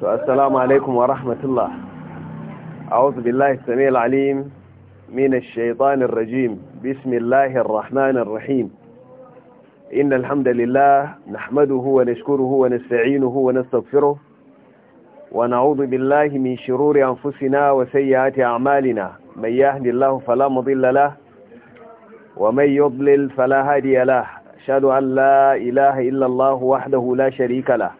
to assalamu alaikum wa rahmatullah a wasu billahi samil alim minas shaitanin rajim bismillahir rahmanir rahim inna alhamdulillah nahmaduhu wa nashkuruhu wa nasta'inuhu wa nastaghfiruh wa na'udhu min shiruri anfusina wa sayyiati a'malina may yahdihillahu fala mudilla lahu wa may yudlil fala hadiya lahu ashhadu an wahdahu la sharika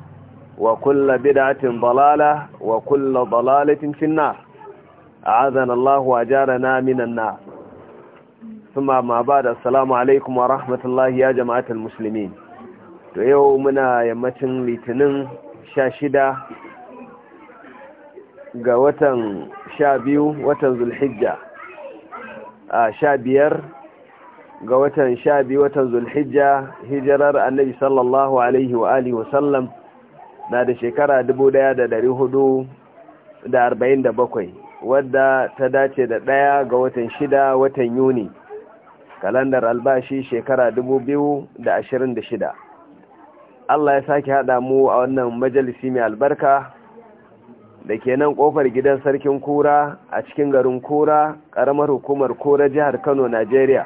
wa kulla bid'atin dalala wa kulla dalalatin fi nnar a'adana Allahu wa jarana minan nar suma ma ba da assalamu alaikum wa rahmatullahi ya jama'atul muslimin to yau muna yammacin litinin 16 ga watan 12 watan zulhijja a 15 ga watan sha watan zulhijja hijirar annabi sallallahu na da shekara 1447 wadda ta dace da daya ga watan shida watan yuni kalandar albashi shekara da ashirin shida. Allah ya sake haɗa mu a wannan majalisi mai albarka da ke nan ƙofar gidan sarkin kura a cikin garin kura karamar hukumar kura jihar kano najeriya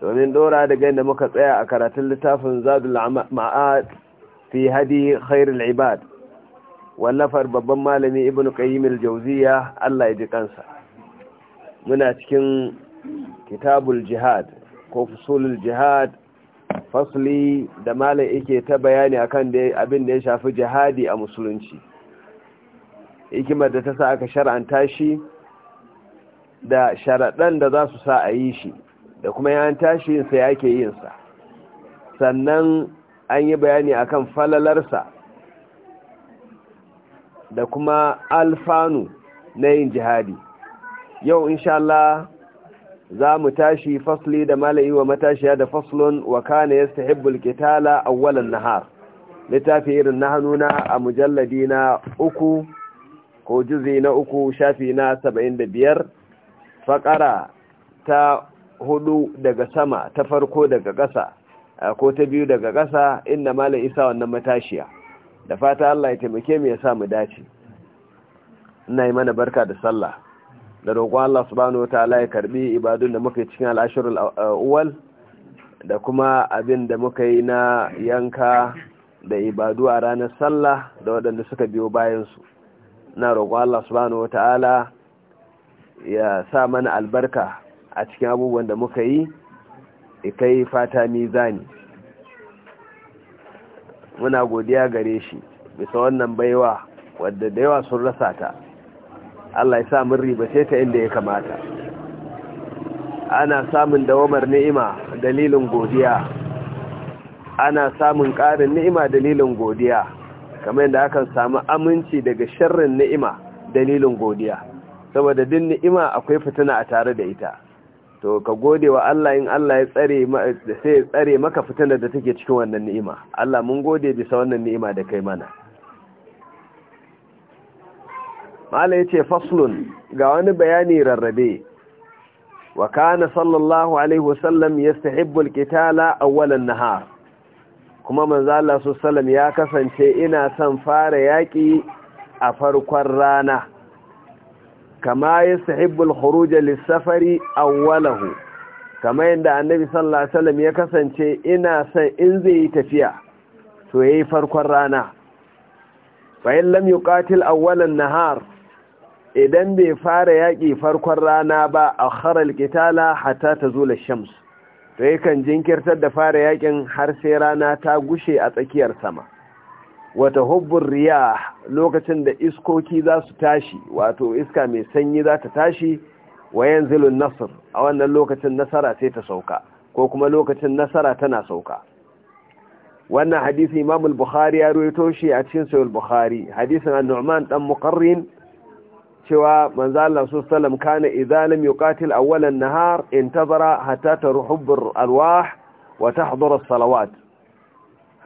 domin ɗora gani da muka tsaya a karatun littafin zadul ma'ad fi hadi khairul ibad wallafar babban malami ibn qayyim al-jawziya Allah ya ji kansa muna cikin kitabul jihad ko fusulul jihad fasli da malam yake ta bayani akan da abin da ya shafi jihadi a musulunci hikimar da ta sa aka shar'anta shi da sharaɗan da za su sa a yi shi da kuma an tashi yinsa yake yinsa sannan an yi bayani akan falalarsa da kuma alfanu na yin jihadi yau inshallah Allah za mu tashi fasli da mala'i wa matashiya da faslun wa hibbul kitala a awwalan nahar littafi irin na hannuna a mujalladi na uku ko juzi na uku shafi na saba'in da biyar faƙara ta hudu daga sama ta farko daga ƙasa ko ta biyu daga ƙasa inda malam isa wannan matashiya da fata Allah ya taimake mu ya sa mu dace ina yi mana barka da sallah da roƙon Allah subhanahu wataala ya karbi ibadun da muka yi cikin al'ashirul awwal da kuma abin da muka yi na yanka da ibadu a ranar sallah da waɗanda suka biyo bayansu Ina roƙon Allah subhanahu wataala ya sa mana albarka a cikin abubuwan da muka yi kai fata zani muna godiya gare shi bisa wannan baiwa wadda da yawa sun rasa ta Allah ya sa mun ribace ta inda ya kamata ana samun dawamar ni'ima dalilin godiya ana samun ƙarin ni'ima dalilin godiya kamar yadda akan samu aminci daga sharrin ni'ima dalilin godiya saboda din ni'ima akwai fitina a tare da ita to ka gode wa Allah in Allah ya tsare sai ya tsare maka fitan da take cikin wannan ni'ima Allah mun gode bisa wannan ni'ima da kai mana mala yace faslun ga wani bayani rarrabe wa kana sallallahu alaihi wasallam yastahibbu alqitala awwal an-nahar kuma manzo Allah sallallahu ya kasance ina son fara yaki a farkon rana kama ya sahibbul khuruja lissafari awwalahu kama yadda annabi sallallahu alaihi wasallam ya kasance ina san in zai yi tafiya to yayi farkon rana bayan lam yuqatil awwalan nahar idan bai fara yaƙi farkon rana ba a kharar kitala hata ta zula shams to yakan jinkirtar da fara yaƙin har sai rana ta gushe a tsakiyar sama wata hubbin riya lokacin da iskoki za su tashi wato iska mai sanyi za ta tashi wayan zilun nasir a wannan lokacin nasara sai ta sauka ko kuma lokacin nasara tana sauka wannan hadisi imam bukhari ya ruwaito shi a cikin sahih bukhari hadisin an-nu'man dan muqarrin cewa manzo Allah sallallahu alaihi wasallam kana idza lam yuqatil awwal an-nahar intazara hatta taruhubbu al-arwah wa tahdhuru as-salawat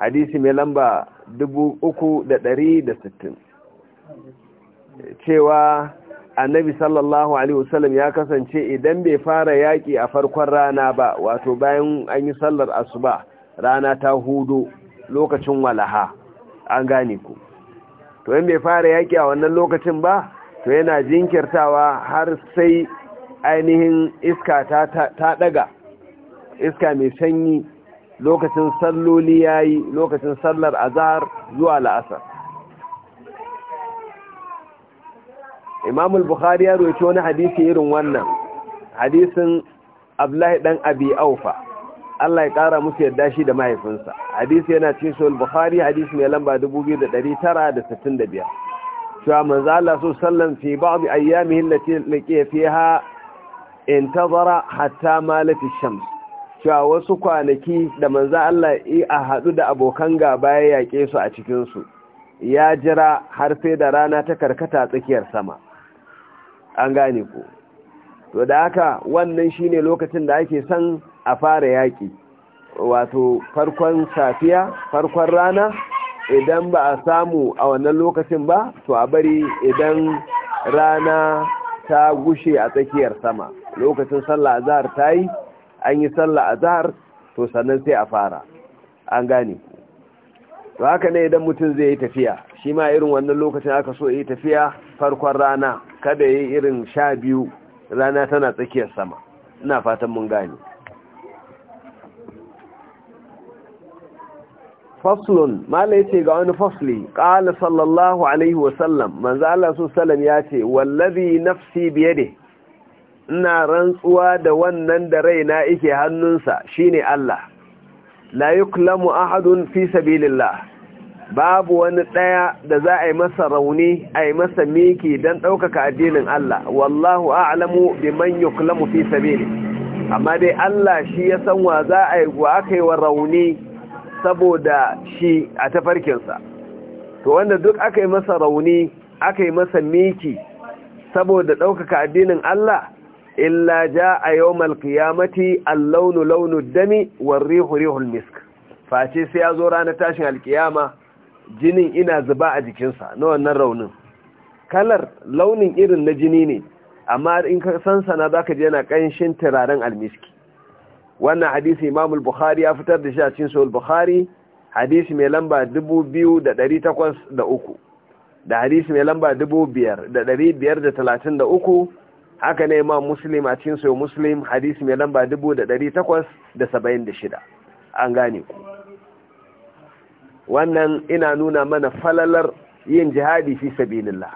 hadisi mai lamba sittin. cewa annabi sallallahu alaihi wasallam ya kasance idan bai fara yaƙi a farkon rana ba wato bayan an yi sallar asuba rana ta hudu lokacin walaha an gane ku to yin bai fara yaƙi a wannan lokacin ba to yana jinkirtawa har sai ainihin iska ta, ɗaga, ta daga iska mai sanyi lokacin salloli ya yi lokacin sallar azhar zuwa la'asar Imamul al-Bukhari ya roci wani hadisi irin wannan hadisin Abdullahi ɗan Abi Aufa Allah ya kara musu yadda shi da mahaifinsa hadisi yana cikin sahih Bukhari hadisi mai lamba da da tara 2965 cewa manzo Allah so sallan fi ba'd ayyamihi allati laqiya fiha intazara hatta malat ash-shams cewa wasu kwanaki da manza Allah a haɗu da abokan gaba ya yaƙe su a cikinsu ya jira har sai da rana ta karkata tsakiyar sama an gane ku to da haka wannan shine lokacin da ake son a fara yaƙi wato farkon safiya farkon rana idan ba a samu a wannan lokacin ba to a bari idan rana ta gushe a tsakiyar sama lokacin sallah azhar ta yi an yi sallah a azhar to sannan sai a fara an gane to haka ne idan mutum zai yi tafiya shi ma irin wannan lokacin aka so yi tafiya farkon rana kada yi irin sha biyu rana tana tsakiyar sama ina fatan mun gane faslun mala yace ga wani fasli qala sallallahu alaihi wa sallam manzo Allah sallam yace wallazi nafsi biyade ina rantsuwa da wannan da raina yake hannunsa shine Allah la yuklamu ahadun fi sabilillah babu wani ɗaya da za a yi masa rauni a yi masa miki dan ɗaukaka addinin Allah wallahu a'lamu biman yuklamu fi sabili amma dai Allah shi ya san wa za a yi wa aka yi wa rauni saboda shi a tafarkinsa to wanda duk aka yi masa rauni aka yi masa miki saboda ɗaukaka addinin Allah illa ja a yau malkiyamati lawnu launu war-rihu rihu rihu misk face sai ya zo ranar tashin alkiyama jinin ina zuba a jikinsa na wannan raunin kalar launin irin na jini ne amma in ka san sana zaka je yana ƙanshin turaren almiski wannan hadisi Imam buhari ya fitar da shi a cikin al hadisi mai lamba 2803 da hadisi mai lamba 5533 haka ne imam muslim a cikin sayo muslim hadisi mai lamba 1876 an gane ku wannan ina nuna mana falalar yin jihadi fi sabilillah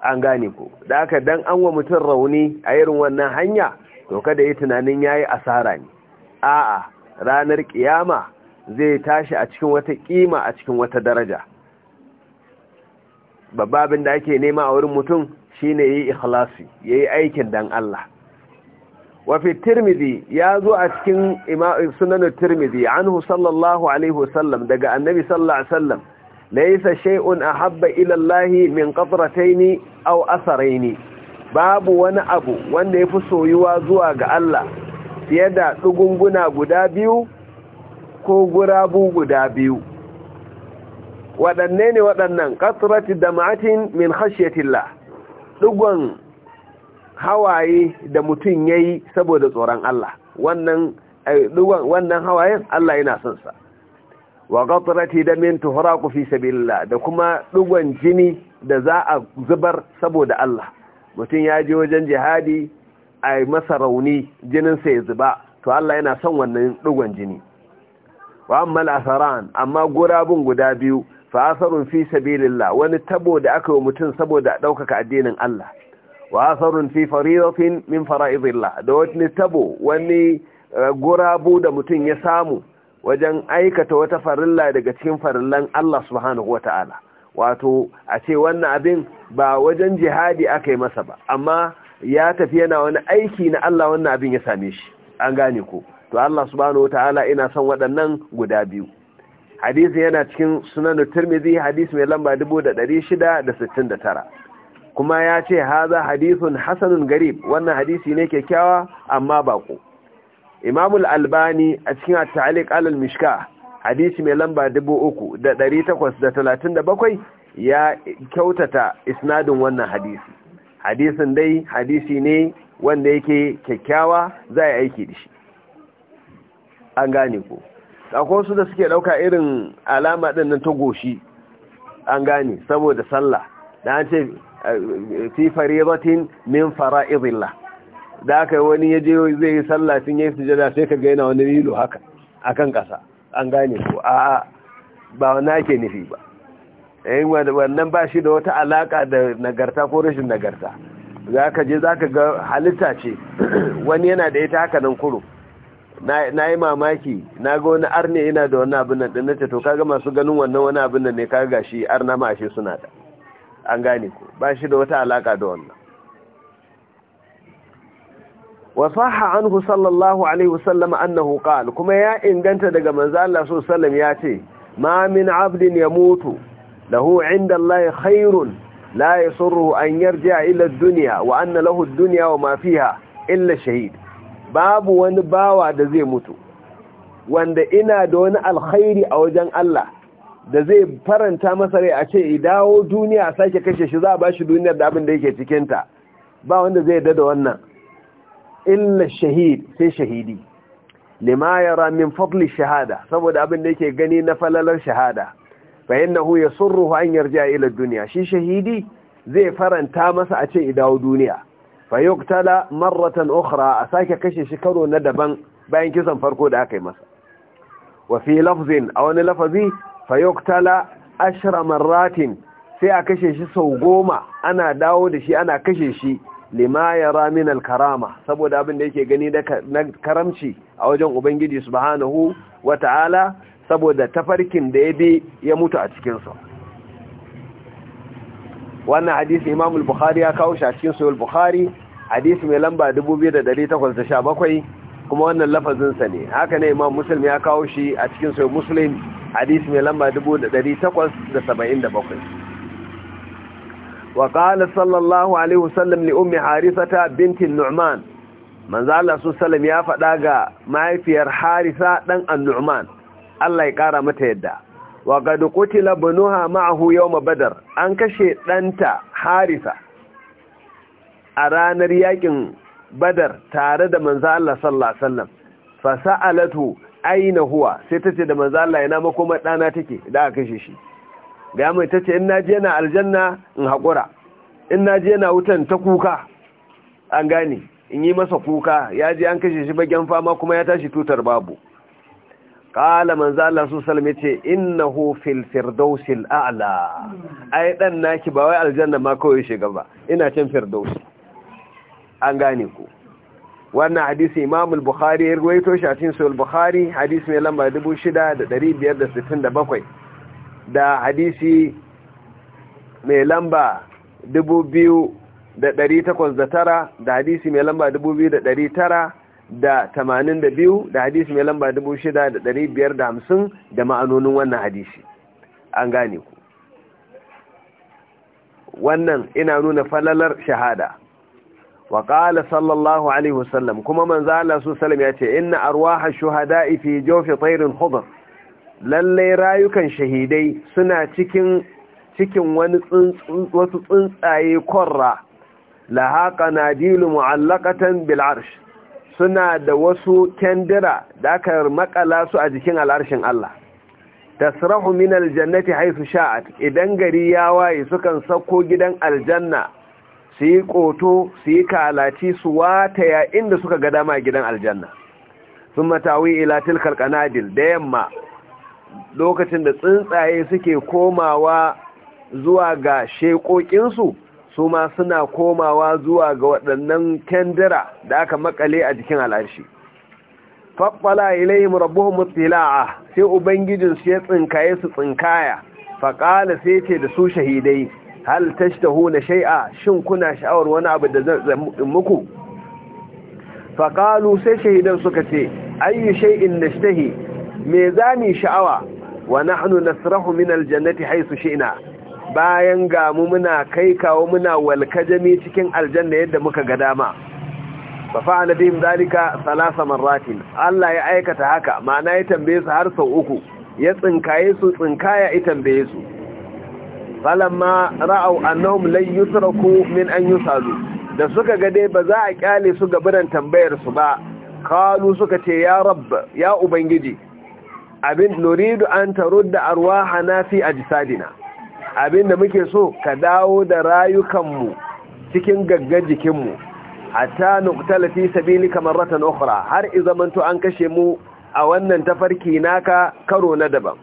an gane ku da haka dan an wa mutum rauni a irin wannan hanya to kada yi tunanin yayi asara ne a'a ranar kiyama zai tashi a cikin wata kima a cikin wata daraja babbabin da ake nema a wurin mutum shine yayi ikhlasi yayi aikin dan Allah wa fi tirmidhi ya zo a cikin sunan tirmidhi anhu sallallahu alaihi wasallam daga annabi sallallahu alaihi wasallam laysa shay'un ahabba ila Allah min qatrataini aw asaraini babu wani abu wanda yafi soyuwa zuwa ga Allah fiye da dugunguna guda biyu ko gurabu guda biyu waɗanne ne waɗannan da ma'atin min tilla. ɗugon hawaye da mutum ya yi saboda tsoron Allah eh, wannan hawayen Allah yana son sa wa qatrati damin ku fi sabila. da kuma ɗigon jini da za a zubar saboda Allah mutum ya ji wajen jihadi a masa rauni jininsa ya zuba to Allah yana son wannan ɗigon jini wa amma al'asaran amma gurabun guda biyu fa fi sabilillah wani tabo da aka yi mutum saboda ɗaukaka addinin Allah wa asarun fi faridatin min fara'idillah da wani tabo wani eh, gurabu da mutum ya samu wajen aikata wata farilla daga cikin farillan Allah subhanahu wata'ala wato a ce wannan abin ba wajen jihadi aka yi masa ba amma ya tafi yana wani aiki na Allah wannan abin ya same shi an gane ko to Allah subhanahu wata'ala ina son waɗannan guda biyu hadisi yana cikin sunan turmizi hadisi mai lamba 669 kuma ya ce haza hadisun hasanun garib wannan hadisi ne kyakkyawa amma bako imam al-albani a cikin Atalik alal mishka hadisi mai lamba 3837 ya kyautata isnadin wannan hadisi hadisin dai hadisi ne wanda yake kyakkyawa za a yi aiki da shi an gane ku akwai wasu da suke ɗauka irin alama ɗin nan ta goshi an gane saboda sallah da an ce eh, fi faridatin min fara'idillah da aka yi wani yaje zai yi sallah sun yi sujada sai ka gaina wani lilo haka akan kasa an gane ko a'a ba wani ake nufi ba yayin eh, wannan ba shi da wata alaka da nagarta ko rashin nagarta za ka je za ka ga halitta ce wani yana da ita haka nan kurum na yi mamaki na ga wani arne ina da wani abin nan na ce to kaga masu ganin wannan wani abin nan ne kaga shi arna ma suna da an gane ku ba shi da wata alaka da wannan wasaha anhu sallallahu alaihi wasallam annahu kuma ya inganta daga manzo Allah sallallahu ya ce ma min abdin yamutu lahu inda Allah khairun la yasurru an yarji'a ila ad-dunya wa anna lahu ad-dunya wa ma fiha illa shahid babu wani bawa da zai mutu wanda ina da wani alkhairi a wajen Allah da zai faranta masa rai a ce idawo duniya sake kashe shi za a bashi duniyar da abin da yake cikinta ba wanda zai da da wannan illa shahid sai shahidi lima yara min fadli shahada saboda abin da yake gani na falalar shahada fa innahu yasurru an yarja ila dunya shi shahidi zai faranta masa a ce dawo duniya fayuktala marratan ukhra a sake kashe shi karo na daban bayan kisan farko da aka yi masa wa fi lafzin a wani lafazi fayuktala ashra marratin sai a kashe shi sau goma ana dawo da shi ana kashe shi lima yara min alkarama saboda abin da yake gani na karamci a wajen ubangiji subhanahu wata'ala saboda tafarkin da ya bi ya mutu a cikinsa wannan hadisi imam al-bukhari ya kawo shi a cikin sahih al-bukhari hadisi mai lamba dubu biyu da da dari takwas sha bakwai kuma wannan lafazinsa ne haka ne imam Musulmi ya kawo shi a cikin sai muslim hadisi mai lamba dubu da da dari takwas saba'in da bakwai. qala sallallahu alaihi wasallam li ummi ta binti nu'man manzo Allah su sallam ya faɗa ga mahaifiyar harisa ɗan an annu'man Allah ya ƙara mata yadda wa gadu qutila bunuha ma'ahu ma badar an kashe ɗanta harisa a ranar yakin badar tare da manzo Allah sallallahu alaihi wasallam fa aina huwa sai tace da manzo Allah ina makoma dana take da aka kashe shi ga mai tace in naje yana aljanna in hakura in naje yana wutan ta kuka an gane in yi masa kuka ya ji an kashe shi bagen fama kuma ya tashi tutar babu qala manzo Allah su ce, yace innahu fil firdausil a'la ai dan naki ba wai aljanna ma kawai shiga ba ina cin firdausi an gane ku wannan hadisi imam al-bukhari ya ruwaito shi a cikin sahih bukhari hadisi mai lamba 6567 da hadisi mai lamba 2809 da hadisi mai lamba 2900 da tamanin da biyu da hadisi mai lamba dubu shida da dari biyar da hamsin da ma'anonin wannan hadisi an gane ku wannan ina nuna falalar shahada wa qala sallallahu alaihi wasallam kuma manzo Allah su ya ce inna arwaha shuhada fi jofi tayrin khudr lalle rayukan shahidai suna cikin cikin wani wasu tsuntsaye korra haka nadilu mu'allaqatan bil arsh suna da wasu kendira da aka makala su a jikin al'arshin Allah tasrahu min aljannati haythu sha'at idan gari ya waye sukan sako gidan aljanna su yi ƙoto su yi kalaci su wataya inda suka ga dama gidan aljanna sun matawi ilatil kalkanadil da yamma lokacin da tsuntsaye suke komawa zuwa ga sheƙoƙinsu su ma suna komawa zuwa ga waɗannan kendira da aka makale a jikin al'arshi faɓɓala ilayhim rabbuhum mutila'a sai ubangijinsu ya tsinkaye su tsinkaya faƙala sai ce da su shahidai hal na shai'a shin kuna sha'awar wani abu da zan muku faqalu sai shahidan suka ce ayyu shay'in nashtahi me zani sha'awa wa nahnu nasrahu min aljannati haythu shi'na bayan ga mu muna kai kawo muna walkajami cikin aljanna yadda muka ga dama fa fa'ala bihim zalika thalatha marratin Allah ya aikata haka ma'ana ya tambaye su har sau uku ya tsinkaye su tsinkaya ya tambaye su falamma ra'au annahum lan yusraku min an yusalu da suka ga dai ba za a kyale su ga tambayar su ba kalu suka ce ya rabb ya ubangiji abin nuridu an tarudda arwahana fi ajsadina abin da muke so ka dawo da rayukanmu cikin gaggar jikinmu hatta nuqtala fi sabilika marratan ukhra har zamanto an kashe mu a wannan tafarki naka karo na daban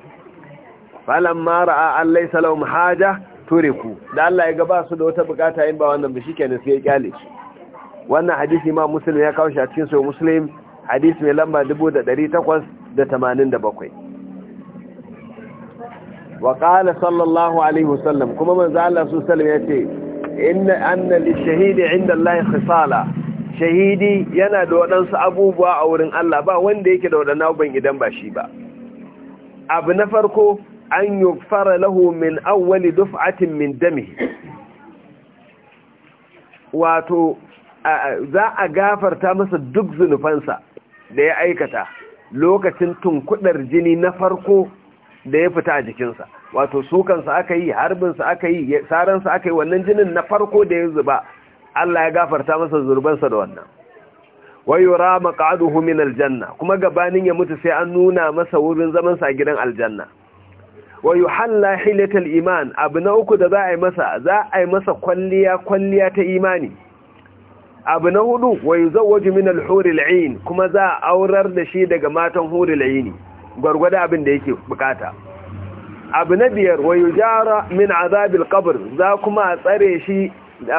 falamma mara an laysa Salam haja turiku da Allah ya gaba su da wata bukata yin ba wannan bishi ke sai ya kyale su wannan hadisi ma Musulmi ya kawo shi a cikin hadisi mai lamba 1887 wa kala sallallahu alaihi wasallam kuma manzo Allah su sallam ya ce inna anna lishahidi inda Allah khisala shahidi yana da waɗansu abubuwa a wurin Allah ba wanda yake da waɗannan abin idan ba shi ba abu na farko an fara lahu min awwali duf'atin min dami wato za a gafarta masa duk zunufansa da ya aikata lokacin tunkudar jini na farko da ya fita a jikinsa wato sukansa aka yi harbinsa aka yi saransa aka yi wannan jinin na farko da ya zuba Allah ya gafarta masa zurbansa da wannan rama maqaduhu min aljanna kuma gabanin ya mutu sai an nuna masa wurin zamansa a gidan aljanna wa halla hilatal iman abu na uku da za a yi masa za a yi masa kwalliya kwalliya ta imani abu na hudu wa waje min alhuri-la'in kuma za a aurar da shi daga matan huri ain gwargwada abin da yake bukata abu na biyar wa jara min azabil kabar, za kuma a tsare shi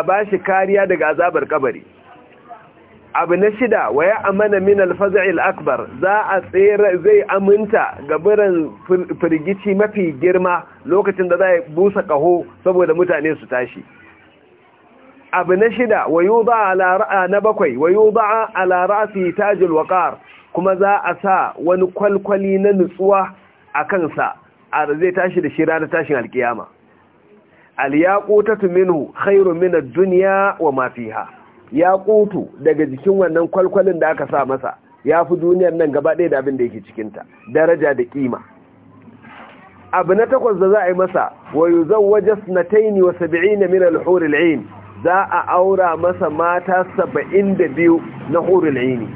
a shi kariya daga azabar kabari abu na shida wa ya amana min alfaza'il akbar za a tsere zai aminta ga biran firgici mafi girma lokacin da za a busa kaho saboda mutane su tashi abu na shida wa yuda ala na bakwai wa yuda ala ra'si tajul waqar kuma za a sa wani kwalkwali na nutsuwa a kansa a zai tashi da shira na tashin alkiyama al yaqutatu minhu khairu min ad-dunya wa ma fiha ya kutu daga jikin wannan kwalkwalin da aka sa masa ya fi duniyar nan gaba ɗaya da abin da yake cikinta daraja da ƙima. abu na takwas da za a yi masa wa yuzawwaja sanataini wa sab'ina min al-hur al-ain za a aura masa mata biyu na hur al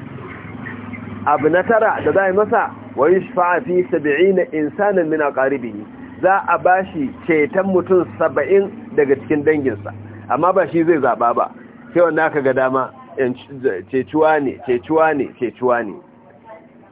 abu na tara da za a yi masa wa yushfa'a fi na insanin min aqaribihi za a bashi ceton mutum saba'in daga cikin danginsa amma ba shi zai zaba ba sai wanda aka ga dama cecuwa ne cecuwa ne cecuwa ne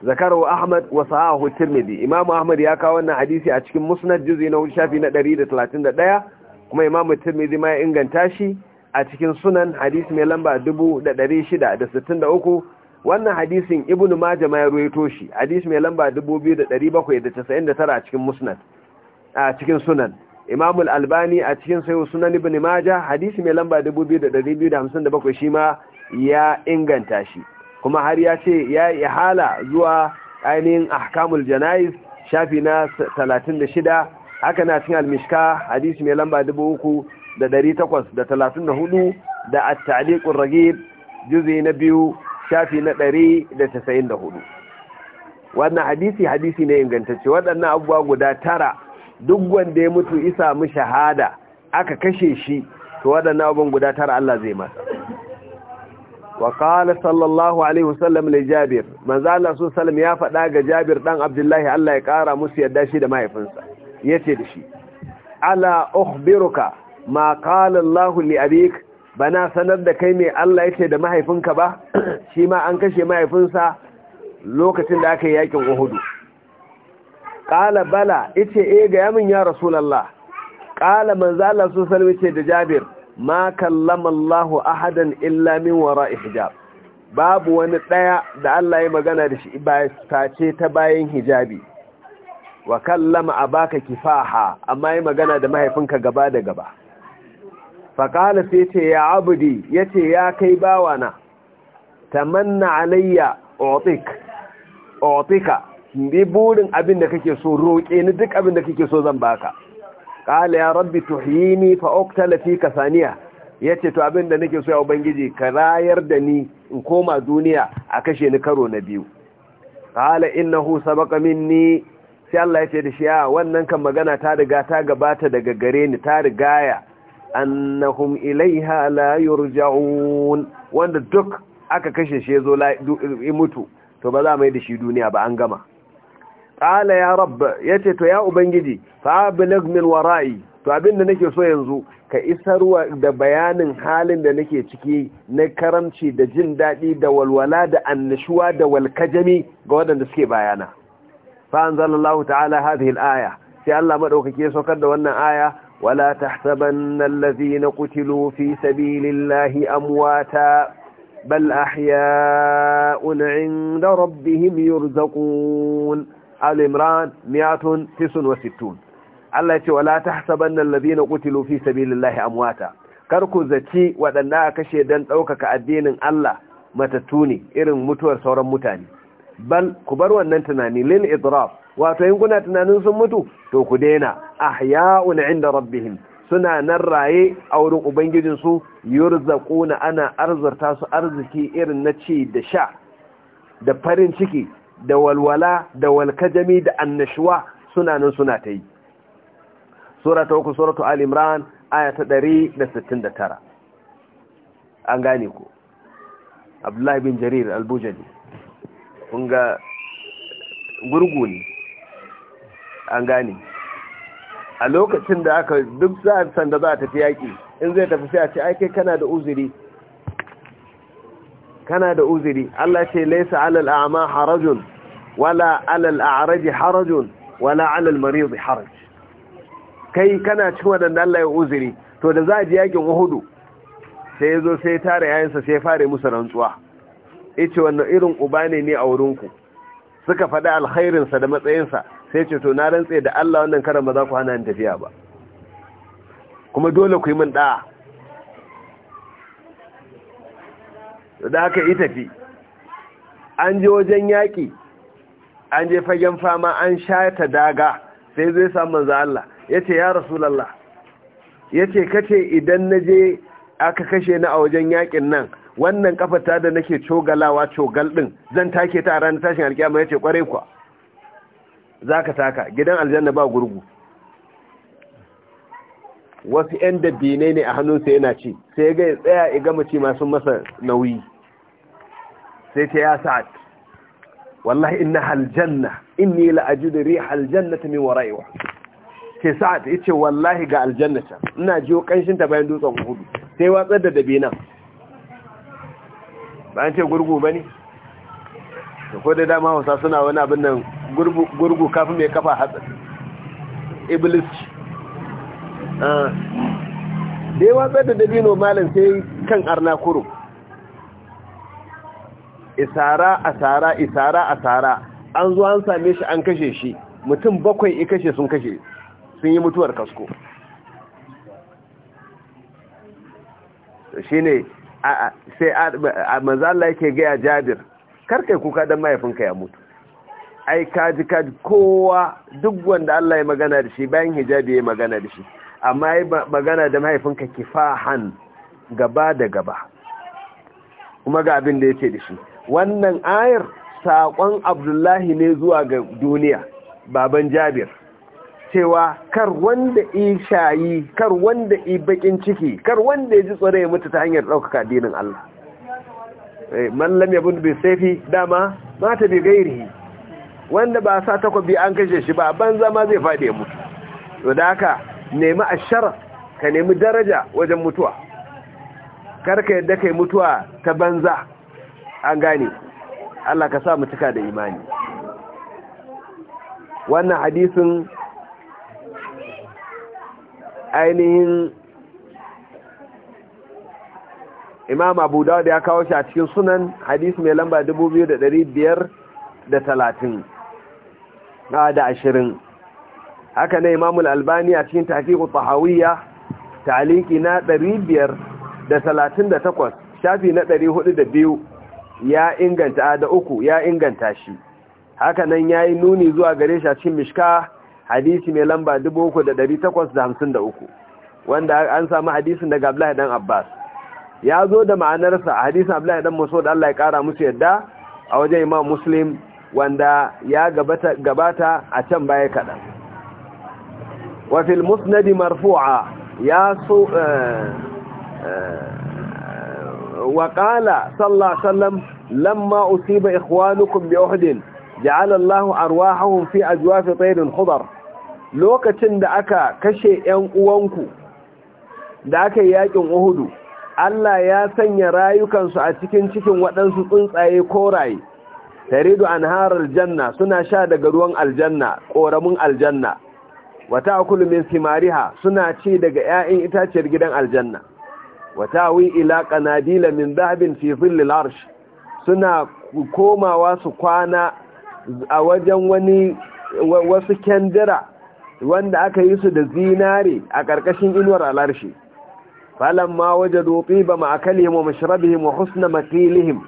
wa ahmad wa sahahu tirmidhi imam ahmad ya kawo wannan hadisi a cikin musnad juz'i na shafi na 131 kuma imam tirmidhi ma ya inganta shi a cikin sunan hadisi mai lamba 1663 wannan hadisin ibnu majah ma ya ruwaito shi hadisi mai lamba 2799 a cikin musnad a cikin sunan imam al-albani a cikin sayo sunan ibn majah hadisi mai lamba 2257 shi ma ya inganta shi kuma har ya ce ya yi hala zuwa ainihin ahkamul janayiz shafi na 36 haka na cin al-mishka hadisi mai lamba 3834 da at-ta'liq ragib juz'i na biyu shafi na 194 wannan hadisi hadisi ne ingantacce waɗannan abubuwa guda tara duk wanda ya mutu isa mu shahada aka kashe shi to waɗannan abin guda tara Allah zai masa wa qala sallallahu alaihi wasallam li jabir manzo Allah su sallam ya faɗa ga jabir dan abdullahi Allah ya kara musu yadda shi da mahaifinsa yace da shi ala ukhbiruka ma qala Allah li abik bana sanar da kai me Allah yace da mahaifinka ba shi ma an kashe mahaifinsa lokacin da aka yi yakin Uhud ƙala bala ita e eh, ga yamin ya rasulallah ƙala manzo Allah su salmi ce da jabir ma kallama Allahu ahadan illa min wara'i hijab babu wani ɗaya da Allah ya magana da shi face ta bayan hijabi wa kallama abaka kifaha amma ya magana da mahaifinka gaba da gaba faƙala sai ce ya abudi ya ce ya kai bawana tamanna alayya otika bi burin abin da kake so roƙe ni duk abin da kake so zan baka qala ya rabbi tuhini fa uqtala fi saniya yace to abin da nake so ya ubangiji ka rayar da ni in koma duniya a kashe ni karo na biyu qala innahu sabaqa minni sai Allah yace da shi a wannan kan magana ta riga ta gabata daga gare ni ta rigaya annahum ilaiha la yurja'un wanda duk aka kashe shi zo la mutu to ba za mai da shi duniya ba an gama qala ya rabb yace to ya ubangiji fa ablag min wara'i to abin da nake so yanzu ka isarwa da bayanin halin da nake ciki na karamci da jin daɗi da walwala da annashuwa da walkajami ga waɗanda suke bayana fa anzalallahu ta'ala hadhihi al-aya sai Allah madaukake saukar da wannan aya wala tahsabanna na qutilu fi sabilillahi amwata bal ahya'un 'inda rabbihim yurzaqun alimran tisun wasu tun. Allah ce wala ta nan tahsabanna na kutilu fi sabilillahi amwata kar ku zaci waɗanda a kashe don ɗaukaka addinin Allah matattu ne irin mutuwar sauran mutane bal ku bar wannan tunani lil idraf wato in kuna tunanin sun mutu to ku daina ahya'un inda rabbihim suna nan raye a wurin ubangijin su yurzaquna ana arzarta su arziki irin na ci da sha da farin ciki da walwala da walkajami da annashuwa suna nan suna ta yi sura ta uku suratu al-imran aya ta 169 an gane ku abdullahi bin jarir al bujani kun ga gurgu ne an gane a lokacin da aka duk sanda za a tafi yaƙi in zai tafi sai a ce aiki kana da uzuri kana da uzuri Allah ce laisa alal a'ma harajun wala alal a'raji harajun wala alal marid haraj kai kana cikin wadanda Allah ya uzuri to da za a ji yakin uhudu sai yazo sai tare sa sai fare musu rantsuwa yace wannan irin uba ne ne a ku? suka faɗi alkhairin sa da matsayin sa sai ce to na rantse da Allah wannan karan ba za ku hana ni tafiya ba kuma dole ku yi min da'a da aka yi tafi an ji wajen yaƙi an je fagen fama an sha ta daga sai zai samu manzo Allah ce ya ya ce kace idan na je aka kashe ni a wajen yakin nan wannan kafata da nake cogalawa cogal din zan take ta a ranar tashin alkiyama ce kware Za ka taka gidan aljanna ba gurgu wasu 'yan dabbinai ne a hannunsa yana ce sai ya gaya tsaya ya gama ci masu masa nauyi sai ta ya sa'ad wallahi hal janna inni la ajidu riha jannati min wara'i ke sa'ad yace wallahi ga jannata ina jiyo kanshin ta bayan dutsen hudu sai watsar da dabe nan ba an ce gurgu bane to ko da dama wasa suna wani abin nan gurgu kafin mai kafa hatsari iblis eh ah. dai watsar da dabino malam sai kan arna kurum isara asara isara asara an zo an same shi an kashe shi mutum bakwai i kashe sun kashe sun yi mutuwar kasko shi ne sai manzala yake gaya jabir karkai kuka don mahaifinka ya mutu ai kaji kaji kowa duk wanda Allah ya magana da shi bayan hijabi ya magana da shi amma ya magana da mahaifinka kifahan gaba da gaba kuma ga abin da ya ce da shi wannan ayar saƙon abdullahi ne zuwa ga duniya baban jabir cewa kar wanda yi shayi kar wanda yi bakin ciki kar wanda ya ji tsoro ya mutu ta hanyar ɗaukaka dinin Allah eh, mallam ya bin saifi dama mata bai gairi wanda ba sa takobi an kashe shi ba ban zama zai faɗi ya mutu to da haka nemi ashara ka nemi daraja wajen mutuwa kar ka yadda yi mutuwa ta banza an gane Allah ka sa mu cika da imani wannan hadisin ainihin imam abu dawud ya kawo shi a cikin sunan hadis mai lamba 2530 da ashirin haka ne imam al-albani a cikin tafiqu tahawiyya ta'liqi na 538 shafi na 402 ya inganta da uku ya inganta shi haka nan ya yi nuni zuwa gare shi a cikin mishka hadisi mai lamba 3,853 wanda an samu hadisin daga abdullahi dan abbas ya zo da ma'anarsa a hadisin abdullahi dan maso da allah ya kara musu yadda a wajen imam muslim wanda ya gabata a can baya kaɗan wafil musnadi marfu'a ya so eh, eh, وقال صلى lamma عليه وسلم لما أصيب إخوانكم بأحد جعل الله أرواحهم في أجواف طير lokacin da aka kashe ‘yan uwanku da aka yakin Uhudu, Allah ya sanya rayukansu a cikin cikin waɗansu tsuntsaye koraye, taridu an harar janna suna sha daga ruwan aljanna, ƙoramin aljanna, wata min simariha suna ci daga ‘ya'yan itaciyar gidan aljanna. wa tawi ila qanadila min dhahabin fi dhillil arsh suna komawa su kwana a wajen wani wasu kendira wanda aka yi su da zinare a ƙarƙashin inuwar alarshi falamma wajadu tiba akalihim wa mashrabihim wa husna maqilihim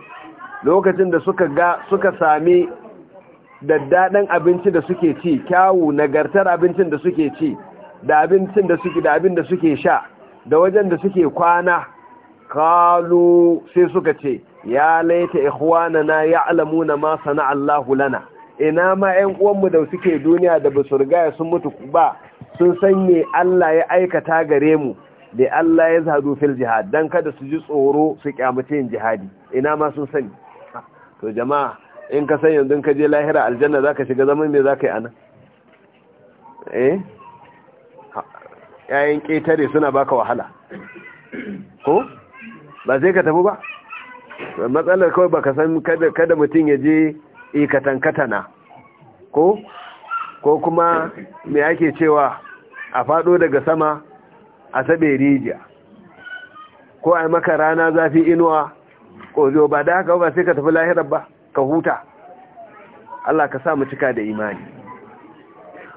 lokacin da suka ga suka sami daddadan abinci da suke ci kyawu nagartar abincin da suke ci da abincin da suke da abin da suke sha da wajen da suke kwana kalu sai suka ce ya laita na ya alamu na ma sana Allah lana ina ma ƴan uwanmu da suke duniya da basu riga sun mutu ba sun sanye Allah ya aikata gare mu da Allah ya zadu fil jihad dan kada su ji tsoro su kyamace yin jihadi ina ma sun sani to jama'a in ka san yanzu ka je lahira aljanna zaka shiga zaman me zaka yi anan eh Ya'yan ƙetare suna baka wahala ko ba sai ka tafi ba matsalar kawai baka san kada mutum ya je ikatan katana ko ko kuma mai ake cewa a fado daga sama a sabe rijiya ko a maka rana zafi inuwa ko ba da haka ba sai ka tafi lahirar ba ka huta Allah ka sa mu cika da imani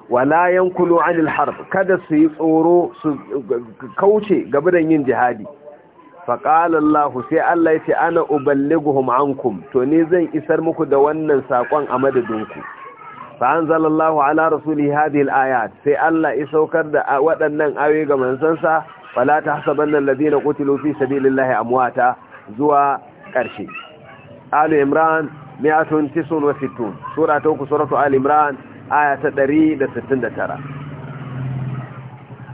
wala yankulu anil harb kada su yi tsoro su kauce gaba da yin jihadi faƙalar lahu sai Allah ya ce ana uballiguhum ankum to ne zan isar muku da wannan saƙon a madadinku fa'anzalallahu ala rasuli hadhihi al-ayat sai Allah ya saukar da waɗannan ayoyi ga mansansa fala tahsabanna alladhina qutilu fi sabilillahi amwata zuwa ƙarshe Ali Imran 169 sura ta suratu Ali Imran aya ta 169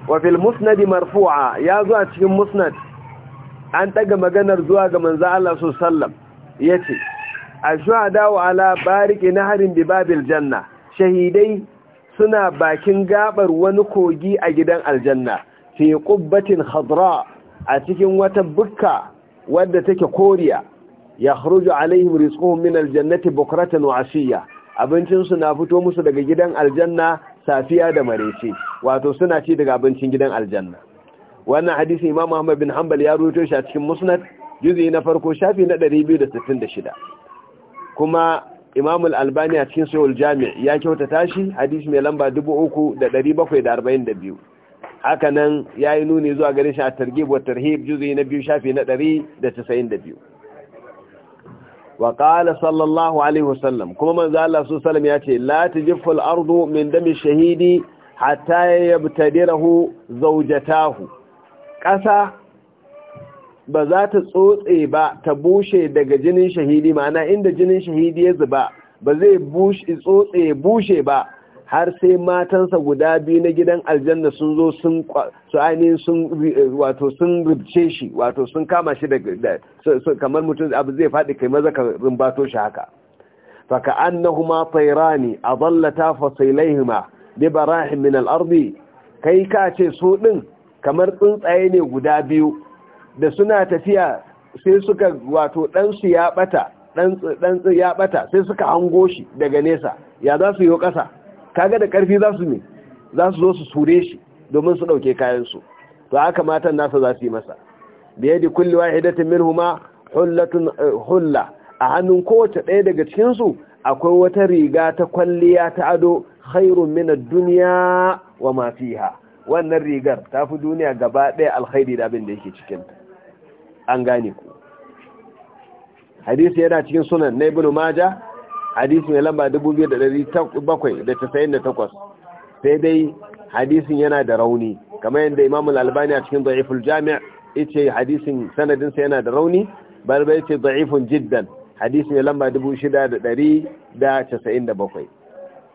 wa fil musnad marfu'a ya zo a cikin musnad an ɗaga maganar zuwa ga manzo ya ce. yace ashuhada wa ala bariki na harin babil janna shahidai suna bakin gaɓar wani kogi a gidan aljanna fi qubbatin khadra a cikin wata bukka wadda take koriya yakhruju alaihim rizquhum min aljannati bukratan wa abincinsu na fito musu daga gidan aljanna safiya da marece wato suna ci daga abincin gidan aljanna wannan hadisi imam ahmad bin hanbal ya rubuto shi a cikin musnad juzi na farko shafi na 266 kuma imam al-albani a cikin sahih jami ya kyautata shi hadisi mai lamba 3742 haka nan yayi nuni zuwa garin shi a targhib wa tarhib juzi na biyu shafi na 192 wa ƙala sallallahu alaihi wasallam kuma manzo Allah su ya ce la tajiffu al-ardu min dami shahidi hatta yabtadirahu zawjatahu ƙasa ba za ta tsotse ba ta bushe daga jinin shahidi ma'ana inda jinin shahidi ya zuba ba zai bushe tsotse bushe ba har sai matansa guda biyu na gidan aljanna sun zo sun su ainihin sun wato sun rubce shi wato sun kama shi da kamar mutum abu zai faɗi kai maza ka rumbato shi haka faka annahuma tayrani adallata fasailaihima bi barahin min al'arbi kai ka ce su din kamar tsuntsaye ne guda biyu da suna tafiya sai suka wato ɗansu ya ɓata ya ɓata sai suka hango shi daga nesa ya za su yi ƙasa kaga da karfi za su ne za su zo su sure shi domin su dauke kayansu. to haka matan nasa za su yi masa bi kulluwa kulli wahidatin minhuma hullatun eh, hulla a hannun kowace ɗaya daga cikin su akwai wata riga ta kwalliya ta ado khairun mina duniya wa ma fiha wannan rigar ta fi duniya gaba ɗaya alkhairi da abin da yake cikin an gane ku hadisi yana cikin sunan na ibnu majah hadisi mai lamba 2798 sai dai hadisin yana da rauni kamar yadda imamu albani a cikin da'iful jami'a, yace hadisin sanadinsa yana da rauni barba ce da'ifun jiddan Hadisin mai lamba da bakwai.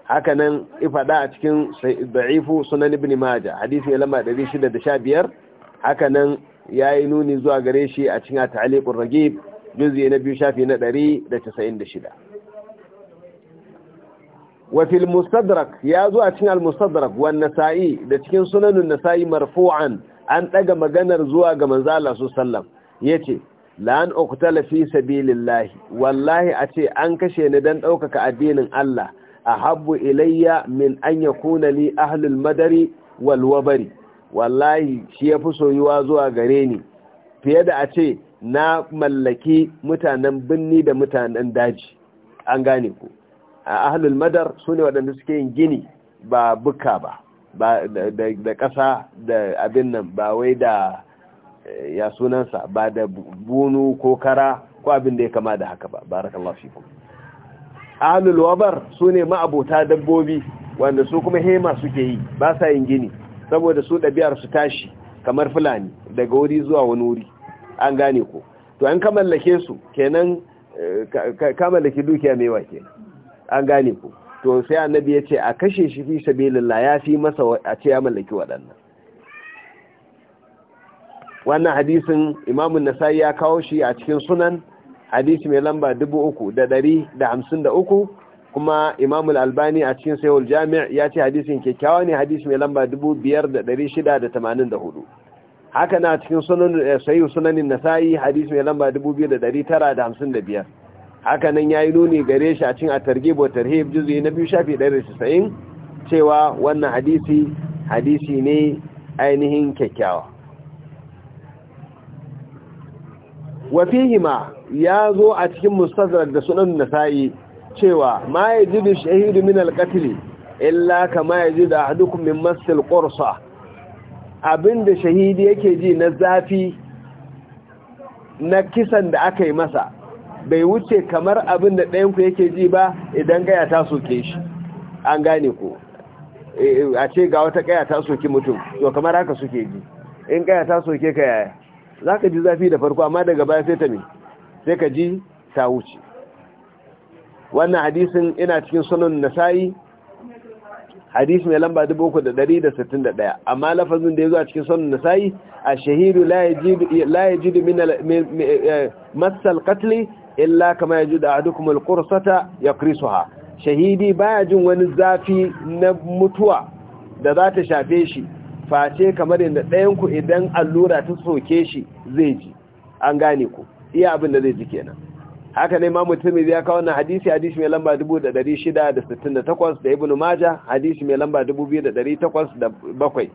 Hakanan ifada a cikin da'ifu sunan ibn majah hadisin mai lamba 615 hakanan ya yi nuni zuwa gare shi a cikin at-ta'liqur ragib juz'i na biyu shafi na 196 wa fil mustadrak ya zuwa cikin al-mustadrak wa nasa'i da cikin sunanun nasa'i marfu'an an daga maganar zuwa ga manzo Allah sallallahu yace la an uqtala fi sabilillah wallahi a ce an kashe ni dan daukaka addinin Allah ahabbu ilayya min an yakuna li ahlul madari wal wallahi shi yafi soyuwa zuwa gare ni fiye da a ce na mallaki mutanen binni da mutanen daji an gane ku ahalul madar su ne waɗanda suke yin gini ba buka ba da ƙasa da abin nan ba wai da eh, ya sunansa ba da bunu ko kara ko abin da ya kama da haka ba barakallahu fikum ahalul wabar su ne ma'abota dabbobi wanda su kuma hema suke yi ba sa yin gini saboda su ɗabi'ar su tashi kamar fulani daga wuri zuwa wani wuri an gane ko to an ka mallake su kenan eh, ka mallaki dukiya mai wa kenan an gane ku to sai annabi ya ce a kashe shi fi sabilillah ya fi masa a ce ya mallaki waɗannan wannan hadisin imamun nasai ya kawo shi a cikin sunan hadisi mai lamba dubu uku da ɗari da hamsin da uku kuma imamul albani a cikin sayul jami'a ya ce hadisin kyakkyawa ne hadisi mai lamba dubu biyar da ɗari shida da tamanin da hudu haka na cikin sunanin eh, nasa'i hadisi mai lamba dubu biyu da ɗari tara da hamsin da biyar haka nan ya yi nuni gare shi a cin a bo tarhe juzu na biyu shafi 190 cewa wannan hadisi hadisi ne ainihin kyakkyawa wafihima ya zo a cikin mustazar da sunan nasa'i cewa ma ya ji da shahidu min alƙatili illa kama ya ji da hadukun min masil ƙorsa da shahidi yake ji na zafi na kisan da aka yi masa bai wuce kamar abin da ɗayanku yake ji ba idan gaya ta soke shi an gane ku eh, a ce ga wata gaya ta soke mutum to kamar haka suke ji in gaya ta soke ka yaya za ka ji zafi da farko amma daga baya sai ta sai ka ji ta wuce wannan hadisin ina cikin sunan nasa'i Hadisi mai lamba 361 amma lafazin da ya zo a cikin sunan nasa'i a shahidu la yajidu min eh, matsal katli illa kama yajidu ya alqursata ha shahidi baya jin wani zafi na mutuwa da za ta shafe shi face kamar yadda ɗayan ku idan allura ta soke shi zai ji an gane ku iya abin da zai ji kenan haka ne imamu tirmidhi ya kawo na hadisi hadisi mai lamba 668 da ibnu majah hadisi mai lamba 2807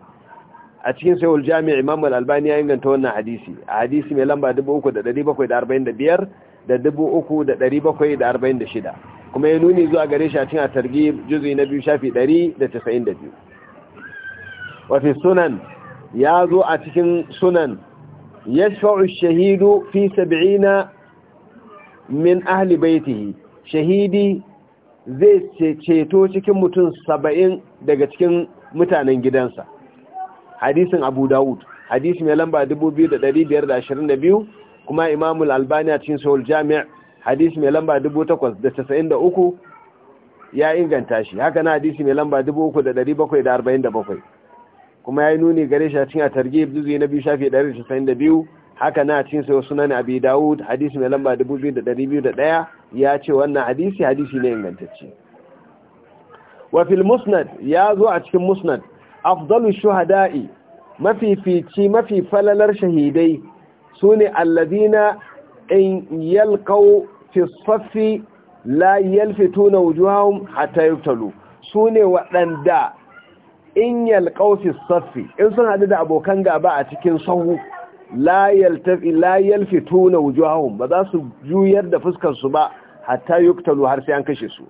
a cikin sayul jami' imam al-albani ya inganta wannan hadisi a hadisi mai lamba 3745 da 3746 kuma ya nuni zuwa gare shi a cikin targhib juz'i na biyu shafi 192 wa fi sunan ya zo a cikin sunan yashfa'u ash-shahidu fi 70 min ahli baitihi shahidi zai ceto cikin mutum saba'in daga cikin mutanen gidansa hadisin abu dawud hadisi mai lamba 2522 kuma imamul Albania cikin sahul jami'a, hadisi mai lamba 893 ya inganta shi haka na hadisi mai lamba 3747 kuma ya yi nuni gare shi a cikin a targib juzi na biyu shafi biyu. haka na cin sayo sunan abi dawud hadisi mai lamba 2201 ya ce wannan hadisi hadisi ne ingantacce wa fil musnad ya zo a cikin musnad afdalu shuhada'i mafifici mafi falalar shahidai sune alladina in yalqau fi la la yalfituna wujuhahum hatta su sune waɗanda in yalkau fisfafi in sun hadu da abokan gaba a cikin sahu la yaltafi la yalfituna wujuhahum ba za su juyar da fuskar ba hatta yuktalu har sai an kashe su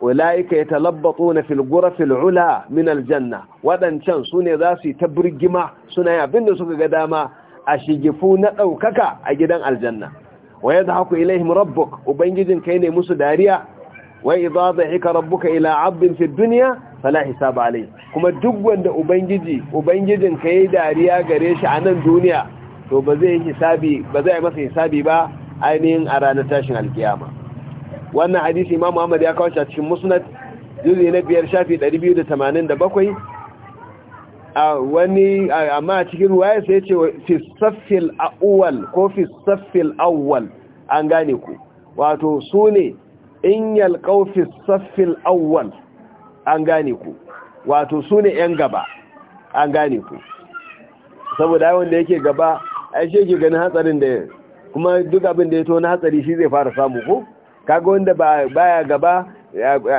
ulaika yatalabbatuna fil na al ula min aljanna, wadancan sune za su yi ta burgima suna yin abin da suka ga dama a shigifu na daukaka a gidan aljanna wa yadhaku ilaihim rabbuk ubangijin kai ne musu dariya wa idza dhahika rabbuka ila 'abdin fid dunya fala hisaba alayhi kuma duk wanda ubangiji ubangijin kai dariya gare shi a nan duniya to ba zai hisabi ba zai masa hisabi ba ainihin a ranar tashin alkiyama wannan hadisi imam Muhammad ya kawo shi a cikin musnad juzi na biyar shafi 287 a wani amma a cikin ruwaya sai ce fi saffil awwal ko fi saffil an gane ku wato su ne in yalkau fi saffil awwal an gane ku wato su ne yan gaba an gane ku saboda yawan da yake gaba ashe ke yake ganin hatsarin da kuma duk abin da ya to na hatsari shi zai fara samu ko kaga wanda baya gaba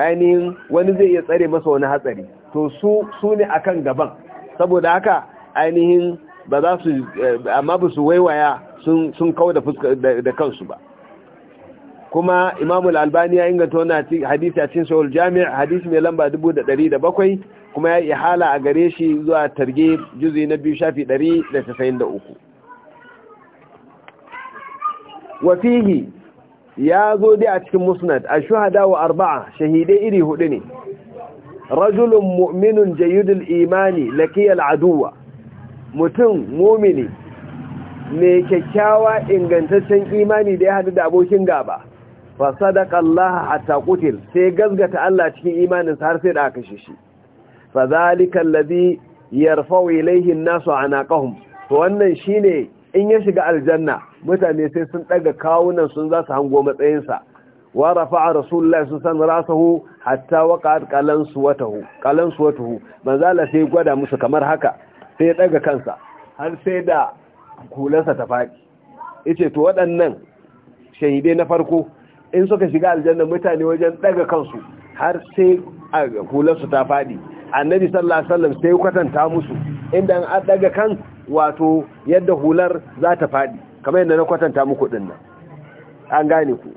ainihin wani zai iya tsare masa wani hatsari to su su ne akan gaban saboda haka ainihin ba za su eh, amma ba su waiwaya sun kawo da fuska da kansu ba kuma imamul albani ya inganta wani hadisi a cin sahul Jami'a, hadisi mai lamba bakwai, kuma ya ihala a gare shi zuwa targe juzi na biyu shafi uku. wafihi ya zo dai a cikin musnad a shuhada wa arba'a shahidai iri hudu ne rajulun mu'minun jayyidul imani laqiya aduwa mutum mu'mini mai kyakkyawa ingantaccen imani da ya hadu da abokin gaba fa sadaqa Allah hatta qutil sai gazgata Allah cikin imanin sa har sai da aka shi fa zalika alladhi yarfa'u ilayhi an-nasu anaqahum to wannan shine in ya shiga aljanna mutane sai sun daga kawunan sun za su hango matsayinsa wa rafa'a rasulullahi sun san rasahu hatta waqa'at qalansu watahu qalansu manzala sai gwada musu kamar haka sai daga kansa har sai da kulansa ta faɗi yace to waɗannan shahidai na farko in suka shiga aljanna mutane wajen daga kansu har sai kulansu ta faɗi annabi sallallahu alaihi wasallam sai kwatanta musu inda an daga kansu. wato yadda hular za ta faɗi kamar yadda na kwatanta muku nan, an gane ku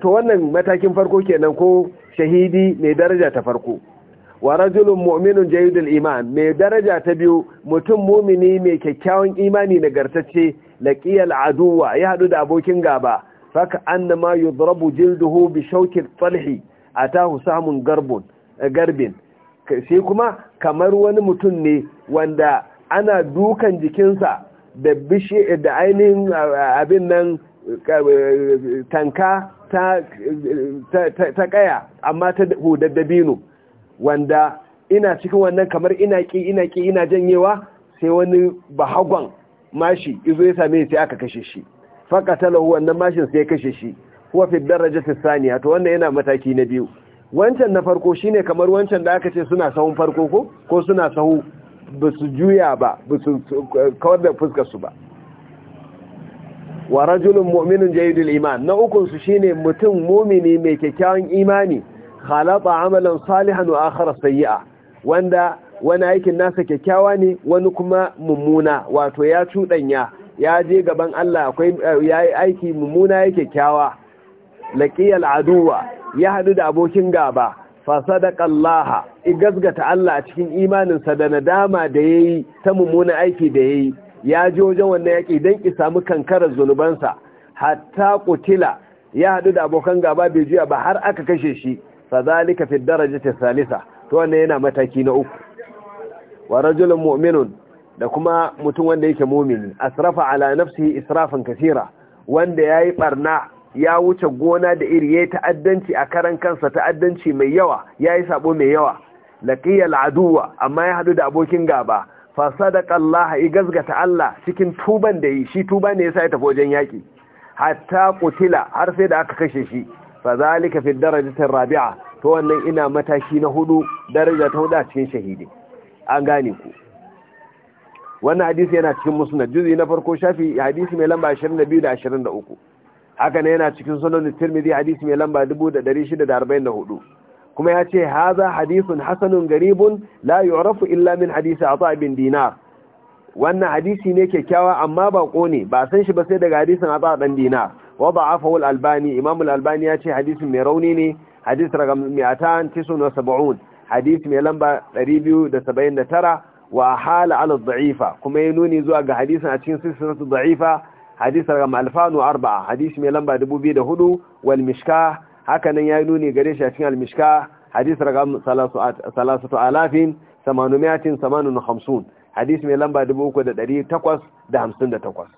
to wannan matakin farko kenan ko shahidi mai daraja ta farko wa rajulun mu'minun jayyidul iman mai daraja ta biyu mutum mumini mai kyakkyawan imani nagartacce laqiyal aduwa ya haɗu da abokin gaba faka annama yudrabu jilduhu bi shawkil talhi atahu samun garbun garbin sai kuma kamar wani mutum ne wanda ana dukan jikinsa da ainihin abin nan e, tanka ta kaya amma ta hudar dabino wanda ina cikin wannan kamar ina ki ina ki ina janyewa sai wani bahagon mashi izo ya same sai aka kashe shi fakatalahu wannan mashin sai ya kashe shi huwa fi darajati saniya to wannan yana mataki na biyu wancan na farko shine kamar wancan da aka ce suna sahun farko ko ko suna sahu ba su juya ba ba su kawar da fuskar su ba wa rajulun mu'minun jayyidul iman na ukun su shine mutum mumini mai kyakkyawan imani khalata amalan salihan wa akhara sayyi'a wanda wani aikin nasa kyakkyawa ne wani kuma mummuna wato ya cuɗanya ya je gaban Allah akwai ya aiki mummuna ya kyakkyawa laqiyal aduwa ya haɗu da abokin gaba fa in igazgata Allah a cikin imaninsa da nadama da yayi ta mummunan aiki da yayi ya ji wajen wannan yaki dan ki samu kankarar zunubansa hatta kutila ya haɗu da abokan gaba bai juya ba har aka kashe shi fa zalika fi darajati salisa to wannan yana mataki na uku wa rajulun mu'minun da kuma mutum wanda yake mumini asrafa ala nafsihi israfan kaseera wanda yayi barna ya wuce gona da iri ya yi ta'addanci a karan kansa ta'addanci mai yawa ya yi sabo mai yawa laƙiyar al'aduwa amma ya haɗu da abokin gaba fa Laha, Allah gazgata Allah cikin tuban da yi shi tuba ne ya yasa ya tafi wajen yaki hatta kutila har sai da aka kashe shi fa zalika fi darajatir rabi'a to wannan ina mataki na hudu daraja ta hudu a cikin shahidi an gane ku wannan hadisi yana cikin musnad juzi na farko shafi hadisi mai lamba 22 da 23 haka ne yana cikin sunan tirmidhi hadisi mai lamba 1644 kuma ya ce haza hadisun hasanun garibun la yu'rafu illa min hadisi ata bin dinar wannan hadisi ne kyakkyawa amma ba kone ba san shi ba sai daga hadisin ata dan dinar wa da'afahu al-albani imam al-albani ya ce hadisin mai rauni ne hadis ragam 279 hadisi mai lamba 279 wa hala ala dha'ifa kuma ya nuni zuwa ga hadisin a cikin sunan dha'ifa hadis daga alfanu arba'a hadis mai lamba dubu biyu da hudu wal mishka hakanan ya nuni gare shi a cikin al mishka hadis ragam salasatu alafin samanumiyatin samanun hamsun hadis mai lamba dubu uku da dari takwas da hamsin da takwas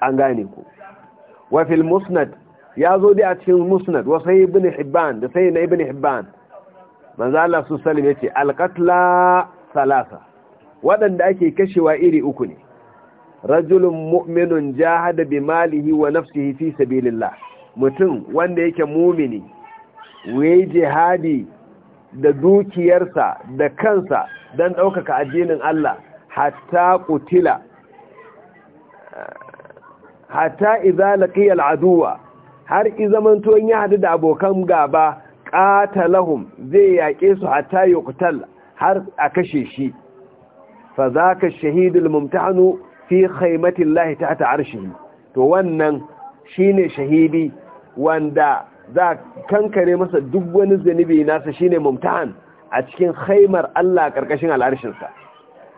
an gane ku wafil musnad ya zo dai a cikin musnad wasu ibn hibban da sai na ibn hibban manzo Allah su ce yace alqatla salasa waɗanda ake kashewa iri uku ne rajulun mu'minun jahada bi malihi wa nafsihi fi sabilillah mutum wanda yake mumini Wai jihadi da dukiyarsa da kansa don ɗaukaka addinin Allah hatta kutila hatta idza laqiya al'aduwa har izamantuwan ya hadu da abokan gaba qatalahum zai yaƙe su hatta yuqtal har a kashe shi fa zaka shahidul mumtahanu fi khaimatin lahi ta ta arshi to wannan shine shahidi wanda za kankare masa duk wani zunubi nasa shine mumtahan a cikin khaimar Allah karkashin sa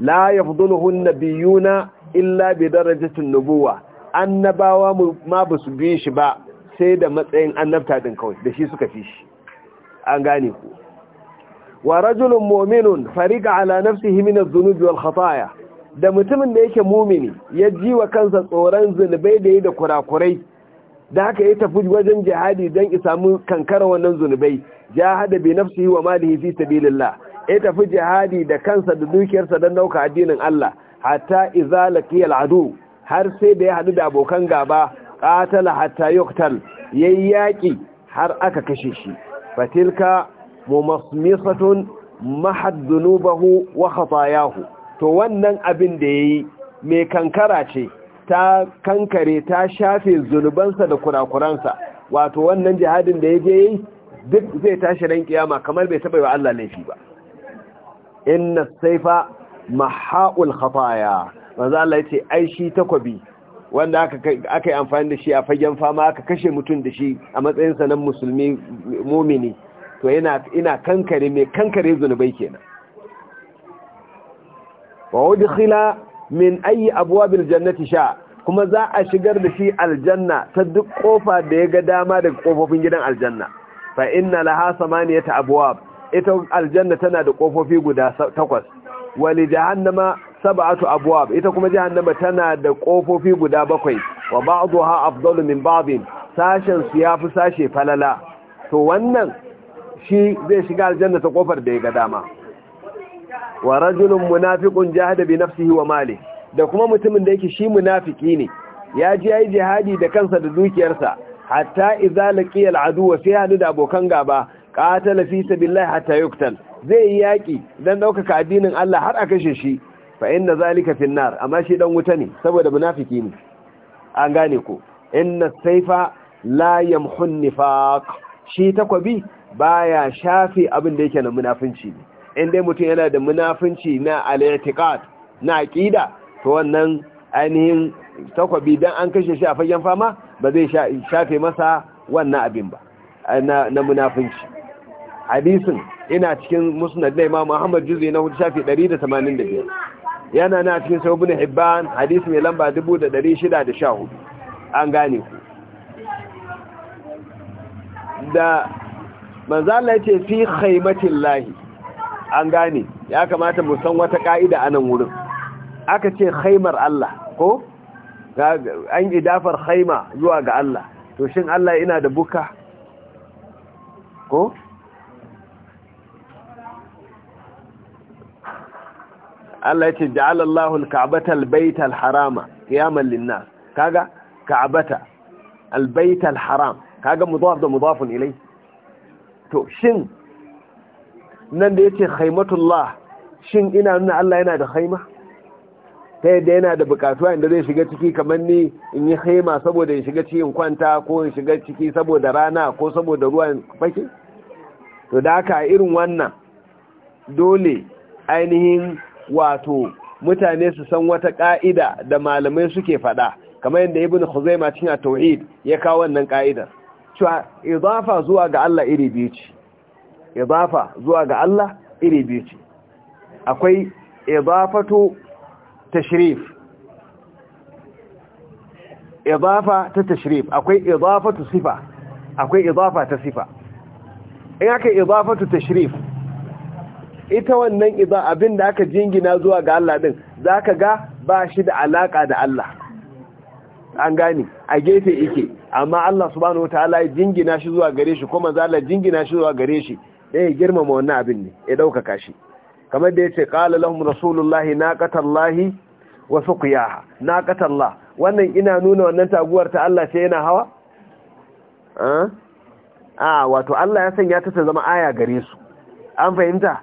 la yafduluhu nabiyuna illa bi darajatin nubuwa annabawa ma basu su bi shi ba sai da matsayin annabta din kawai da shi suka fi shi an gane ku wa rajulun mu'minun fariqa ala nafsihi min adh-dhunubi wal khataaya da mutumin da yake mumini ya ji wa kansa tsoron zunubai da yi da kurakurai da haka ya tafi wajen jihadi don samu kankara wannan zunubai jihada bi nafsihi wa malihi fi sabilillah ya tafi jihadi da kansa da dukiyarsa don dauka addinin Allah hatta iza laqiya a'du har sai da ya hadu da abokan gaba qatala hatta yuqtal yayi yaƙi har aka kashe shi fatilka mumasmisatun mahad dhunubahu wa to wannan abin da ya yi mai kankara ce ta kankare ta shafe zunubansa da kurakuransa wato wannan jihadin da ya je yi duk zai tashi ran kiyama kamar bai taɓa wa Allah laifi ba inna saifa mahaul khataya manzo Allah yace ai shi takobi wanda aka yi amfani da shi a fagen fama aka kashe mutum da shi a matsayin sanan musulmi mumini to yana ina kankare mai kankare zunubai kenan wa udkhila min ayi abwabil jannati sha kuma za a shigar da shi aljanna ta duk kofa da ya ga dama daga kofofin gidan aljanna fa inna laha samaniyata abwab ita aljanna tana da kofofi guda takwas wa li jahannama sab'atu abwab ita kuma jahannama tana da kofofi guda bakwai wa ba'daha afdalu min ba'din sashen su yafi sashe falala to wannan shi zai shiga aljanna ta kofar da ya ga dama wa rajulun munafiqun jahada bi nafsihi wa mali da kuma mutumin da yake shi munafiki ne ya ji yayi jihadi da kansa da dukiyarsa hatta idza laqiya al'adu wa sai hadu da abokan gaba qatala fi sabilillahi hatta yuqtal zai yi yaki dan daukaka addinin Allah har a kashe shi fa inna zalika fin nar amma shi dan wuta ne saboda munafiki ne an gane ko inna sayfa la yamhun nifaq shi takwabi baya shafi abin da yake na munafinci ne in dai mutum yana da munafunci na al na aqida to wannan ainihin takwabi dan an kashe shi a fagen fama ba zai shafe masa wannan abin ba na munafinci munafunci hadisin ina cikin musnad na Imam Muhammad Juzi na hudu shafi 185 yana na cikin sahih ibn Hibban hadisi mai lamba 1614 an gane ku da manzo Allah yace fi khaymatil lahi an gane ya kamata mu san wata ka'ida anan wurin aka ce khaimar Allah ko an idafar khaima zuwa ga Allah to shin Allah ina da buka ko Allah ya ce ja'ala Allahu al-ka'bata al-bayta al-harama qiyaman lin-nas kaga ka'bata al-bayta al-haram kaga mudaf da mudafun ilay to shin nan da yace haimatullah, shin ina nuna Allah yana da haima? ta yadda yana da bukatu a inda zai shiga ciki kamar ni in yi haima saboda in shiga cikin kwanta ko in shiga ciki saboda rana ko saboda ruwan fake to da haka irin wannan dole ainihin wato mutane su san wata ka'ida da malamai suke fada kamar yadda ibn khuzaima cikin tauhid ya kawo wannan ka'idar cewa idafa zuwa ga Allah iri biyu ce idafa zuwa ga Allah iri biyu ce akwai idafatu tashrif idafa ta tashrif akwai idafatu sifa akwai idafa ta sifa in aka idafatu tashrif ita wannan iza abin da aka jingina zuwa ga Allah din zaka ga ba shi da alaka da Allah an gani a gefe ike amma Allah subhanahu wataala ya jingina shi zuwa gare shi kuma zalla jingina shi zuwa gare shi da ya girmama wannan abin ne ya ɗaukaka shi kamar da ya ce ƙala lahum rasulullahi na ƙatallahi wasu kuyaha na ƙatallah wannan ina nuna wannan taguwar ta Allah ce yana hawa? a wato Allah ya sanya ta ta zama aya gare su an fahimta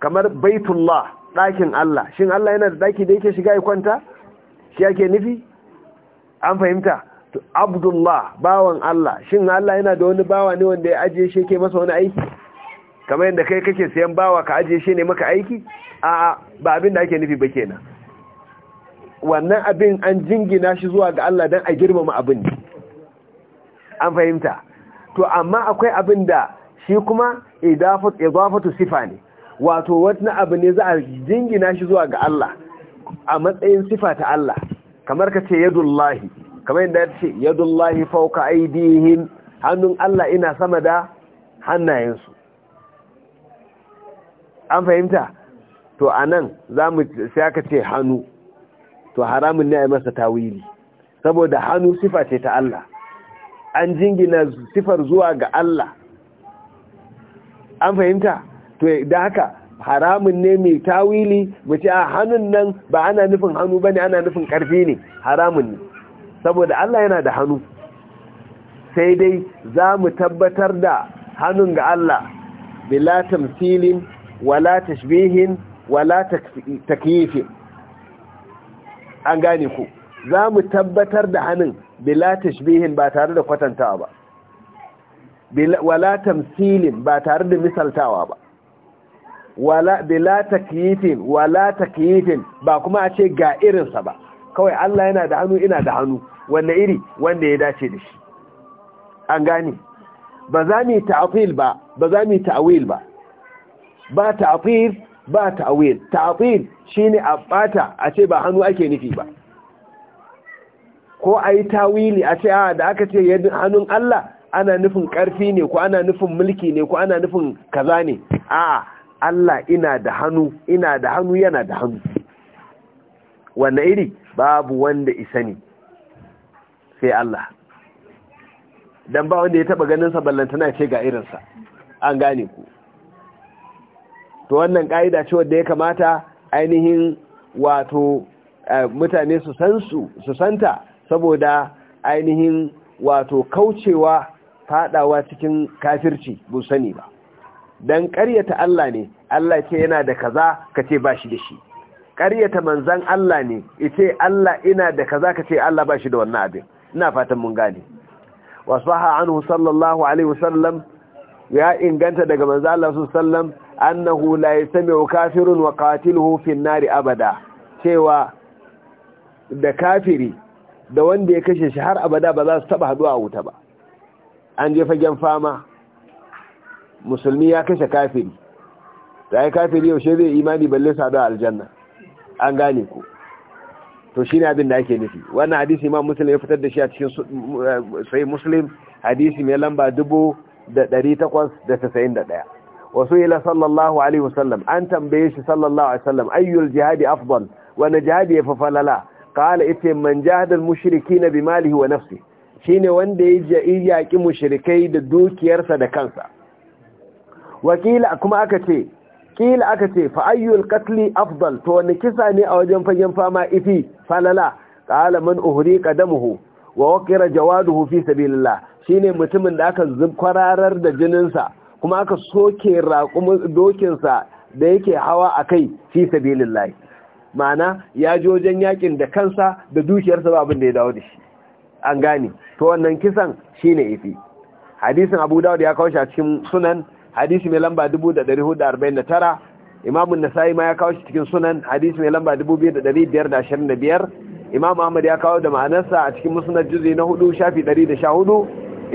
kamar baitullah ɗakin Allah shin Allah yana da ɗaki da yake shiga ya kwanta shi yake nufi an fahimta abdullah bawan Allah shin Allah yana da wani bawa ne wanda ya ajiye shi ke masa wani aiki kamar yadda kai kake sayan bawa ka ajiye shi ne maka aiki a ba abin da ake nufi ba kenan wannan abin an jingina shi zuwa ga Allah dan a girmama abin ne an fahimta to amma akwai abin da shi kuma idafatu sifa ne wato wani abu ne za a jingina shi zuwa ga Allah a matsayin sifa ta Allah kamar ka ce yadullahi kamar yadda ya ce yadullahi fauka aidihim hannun Allah ina sama da hannayensu an fahimta to anan zamu sai aka ce hannu to haramun ne a masa tawili saboda hannu sifa ce ta Allah an jingina sifar zuwa ga Allah an fahimta to da haka haramun ne mai tawili mace a hannun nan ba ana nufin hannu bane ana nufin karfi ne haramun ne saboda Allah yana da hannu sai dai za mu tabbatar da hannun ga Allah bila tamsilin wala tashbihin wala takyifin an gane ku za mu tabbatar da hannun bila tashbihin ba tare da kwatantawa ba wala tamsilin ba tare da misaltawa ba wala bila takyifin wala takyifin ba kuma a ce ga irinsa ba kawai Allah yana da hannu ina da hannu wanne iri wanda ya dace da shi an gane ba za mu ta'til ba ba za mu ta'wil ba ba ta'til ba ta'wil ta'til shine a bata a ce ba hannu ake nufi ba ko ayi tawili a ce a ah, da aka ce hannun Allah ana nufin ƙarfi ne ko ana nufin mulki ne ko ana nufin kaza ne a Allah ina da hannu ina da hannu yana da hannu wanne iri babu wanda isani sai Allah dan ba wanda ya taba ganin sa ballantana ce ga irinsa an gane ku to wannan ƙa'ida ce wanda ya kamata ainihin wato eh, mutane su san su su santa saboda ainihin wato kaucewa fadawa cikin kafirci bu sani ba dan karyata Allah ne Allah ce yana da kaza kace ba shi da shi ƙaryata manzan Allah ne ice Allah ina da kaza ka ce Allah ba shi da wannan abin ina fatan mun gane wasaha anhu sallallahu alaihi wasallam ya inganta daga manzan Allah hula annahu la wa kafirun wa hufin nari abada cewa da kafiri da wanda ya kashe shi har abada ba za su taba haɗu a wuta ba an je fagen fama musulmi ya kashe kafiri Ta yi kafiri yaushe zai imani balle su haɗu a aljanna an gane ku to shi ne abin da ake nufi wannan hadisi ma musulun ya fitar da shi a cikin eh, sai musulun hadisi mai lamba dubu da ɗari takwas da da ɗaya wasu ila sallallahu alaihi wasallam an tambaye shi sallallahu alaihi wasallam ayyul jihadi afdal wani jihadi ya fi falala kala ita man jihadar mushiriki na bimalihi wa nafsi shi ne wanda ya yaƙi mushrikai da dukiyarsa da kansa wakila kuma aka ce Ƙila aka ce fa ayyul Katli afdal to wani kisa ne a wajen fagen fama ifi falala ƙalamin man uhri qadamuhu wa waqira jawaduhu fi sabilillah ne mutumin da aka zubkwararar da jininsa kuma aka soke raƙumin dokinsa da yake hawa a kai fi sabilillah ma'ana ya ji wajen yakin da kansa da dukiyarsa ba abin da ya dawo da shi an gane to wannan kisan shine ifi hadisin abu dawud ya kawo shi a cikin sunan hadisi mai lamba 1449 imamun nasa'i ma ya kawo shi cikin sunan hadisi mai lamba 2525 imam ahmad ya kawo da ma'anarsa a cikin musnad juzi na hudu shafi 114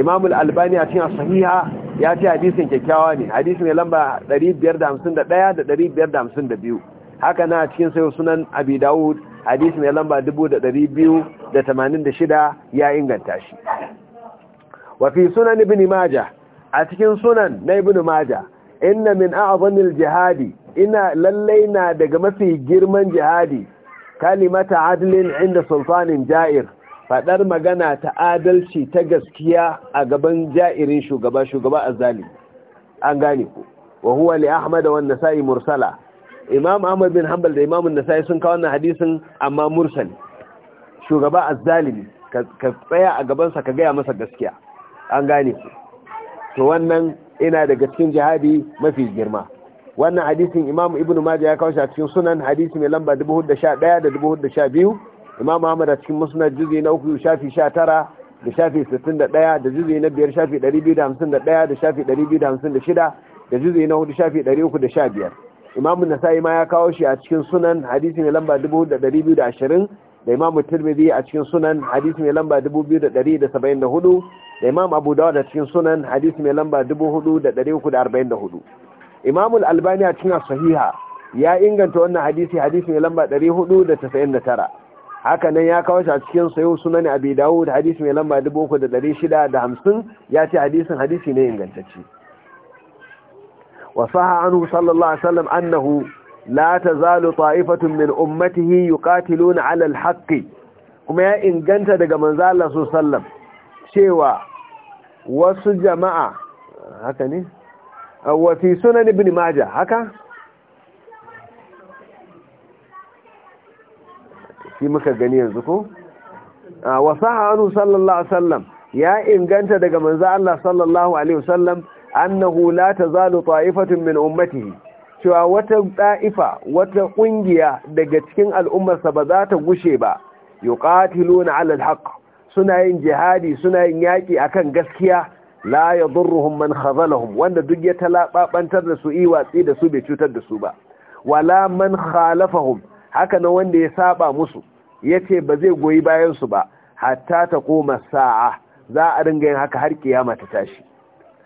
imam al-albani a cikin sahiha ya ce hadisin kyakkyawa ne hadisi mai lamba 551 da 552 haka na cikin sayo sunan abi dawud hadisi mai lamba 2286 ya inganta shi wa fi sunan ibn majah a cikin sunan na ibn maja inna min a'zamil jihadi ina lallai na daga mafi girman jihadi kalimata adlin inda sultanin ja'ir fadar magana ta adalci ta gaskiya a gaban ja'irin shugaba shugaba azali an gane ku wa huwa li ahmad wa an-nasa'i mursala imam ahmad bin hanbal da imam an-nasa'i sun kawo wannan hadisin amma Mursal. shugaba azali ka tsaya a gabansa ka gaya masa gaskiya an gane ku to wannan ina daga cikin jihadi mafi girma wannan hadisin imamu ibn majah ya kawo shi a cikin sunan hadisi mai lamba 411 da 412 imamu ahmad a cikin musnad juzi na uku shafi 19 da shafi 61 da juzi na biyar shafi 251 da shafi 256 da juzi na hudu shafi 315 imamu nasa'i ma ya kawo shi a cikin sunan hadisi mai lamba 4220 da imam turmidi a cikin sunan hadisi mai lamba 2174 da imam abu dawud a cikin sunan hadisi mai lamba 4344 imam al-albani a cikin sahiha ya inganta wannan hadisi hadisi mai lamba 499 haka nan ya kawo shi a cikin sayo sunan abi dawud hadisi mai lamba 3650 ya ce hadisin hadisi ne ingantacce wa saha anhu sallallahu alaihi wasallam annahu la tazalu ta'ifatun min ummatihi yuqatiluna 'ala al-haqqi kuma ya inganta daga manzo Allah sallam cewa wasu jama'a haka ne wa fi sunan ibn majah haka shi muka gani yanzu ko wa sahanu sallallahu alaihi wasallam ya inganta daga manzo Allah sallallahu alaihi wasallam annahu la tazalu ta'ifatun min ummatihi cewa wata ɗa'ifa wata ƙungiya daga cikin al'ummarsa ba za ta gushe ba yuqatiluna ala alhaq suna yin jihadi suna yin yaƙi a kan gaskiya la ya zurruhun man khazalahum wanda duk ya talaɓaɓantar da su iwatsi da su bai cutar da su ba wala man khalafahum haka na wanda ya saba musu Ya ce ba zai goyi bayansu ba hatta ta koma sa'a za a ringa yin haka har kiyama ta tashi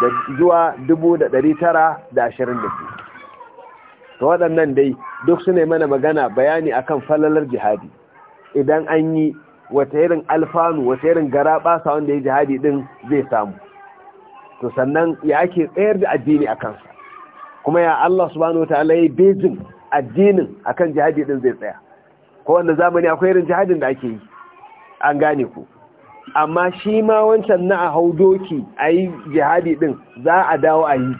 da zuwa 1922 ta waɗannan dai duk su ne mana magana bayani akan falalar jihadi idan an yi wata irin alfanu wata irin gara basa wanda ya jihadi din zai samu to sannan ya ake tsayar da addini a kansa kuma ya Allah subhanahu wa ta'ala ya bejin addinin akan jihadi din zai tsaya ko wanda zamani akwai irin jihadin da ake yi an gane ku amma shi ma wancan na a hau doki a yi jihadi ɗin za a dawo a yi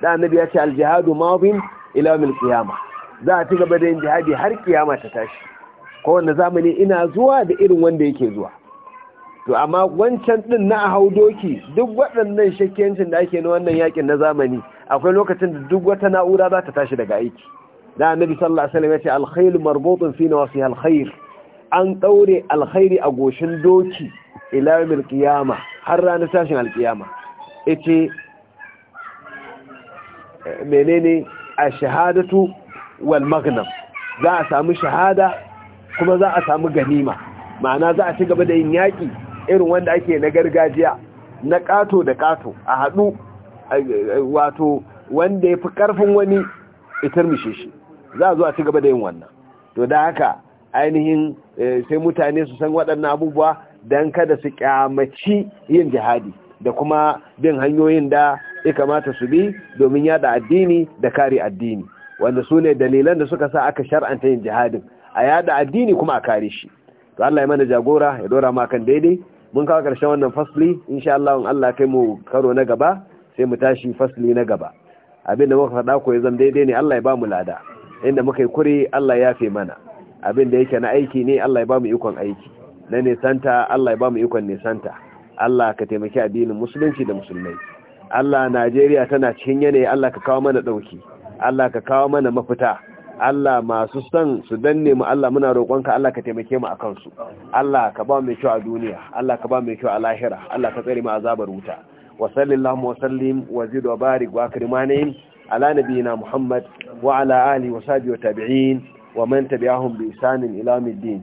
da annabi ya ce aljihadu mawabin ilamin kiyama za a ci gaba da yin jihadi har kiyama ta tashi Ko wanda zamani ina zuwa da irin wanda yake zuwa to amma wancan ɗin na a hau doki duk waɗannan shakkiyancin da ake na wannan yakin na zamani akwai lokacin da duk wata na'ura za ta tashi daga aiki da annabi sallallahu alaihi wasallam ya ce alkhairu marbutun fi nawasi alkhair an daure alkhairi a goshin doki ila yawmil har ranar tashin alkiyama. ita menene a shahadatu wal maghnam za a samu shahada kuma za a samu ganima ma'ana za a ci gaba da yin yaki irin wanda ake na gargajiya na kato da ƙato, a hadu wato wanda ya fi karfin wani itar mishe shi za a zo a ci gaba da yin wannan to da haka ainihin eh, sai mutane su san waɗannan abubuwa don kada su kyamaci yin jihadi da kuma bin hanyoyin da ya kamata su bi domin yada addini da kare addini wanda su ne dalilan da suka sa aka shar'anta yin jihadin a yada addini kuma a kare shi to Allah ya mana jagora ya dora ma kan daidai mun kawo karshen wannan fasli insha Allah in Allah kai mu karo na gaba sai mu tashi fasli na gaba abin da muka faɗa ko ya zama daidai ne Allah ya ba mu lada inda muka yi kure Allah ya yafe mana abin da yake na aiki ne Allah ya ba mu ikon aiki na nisanta Allah ya ba mu ikon nisanta Allah ka taimaki addinin musulunci da musulmai Allah Najeriya tana cikin yanayi Allah ka kawo mana dauki Allah ka kawo mana mafita Allah masu son su danne mu Allah muna roƙonka Allah ka taimake mu akan su Allah ka ba mu kyau a duniya Allah ka ba mu kyau a lahira Allah ka tsare mu azabar wuta wa sallallahu wa sallim wa zid wa barik wa akrimani ala nabiyina Muhammad wa ala alihi wa sahbihi wa tabi'in wa man tabi'ahum bi ihsan ila yawmiddin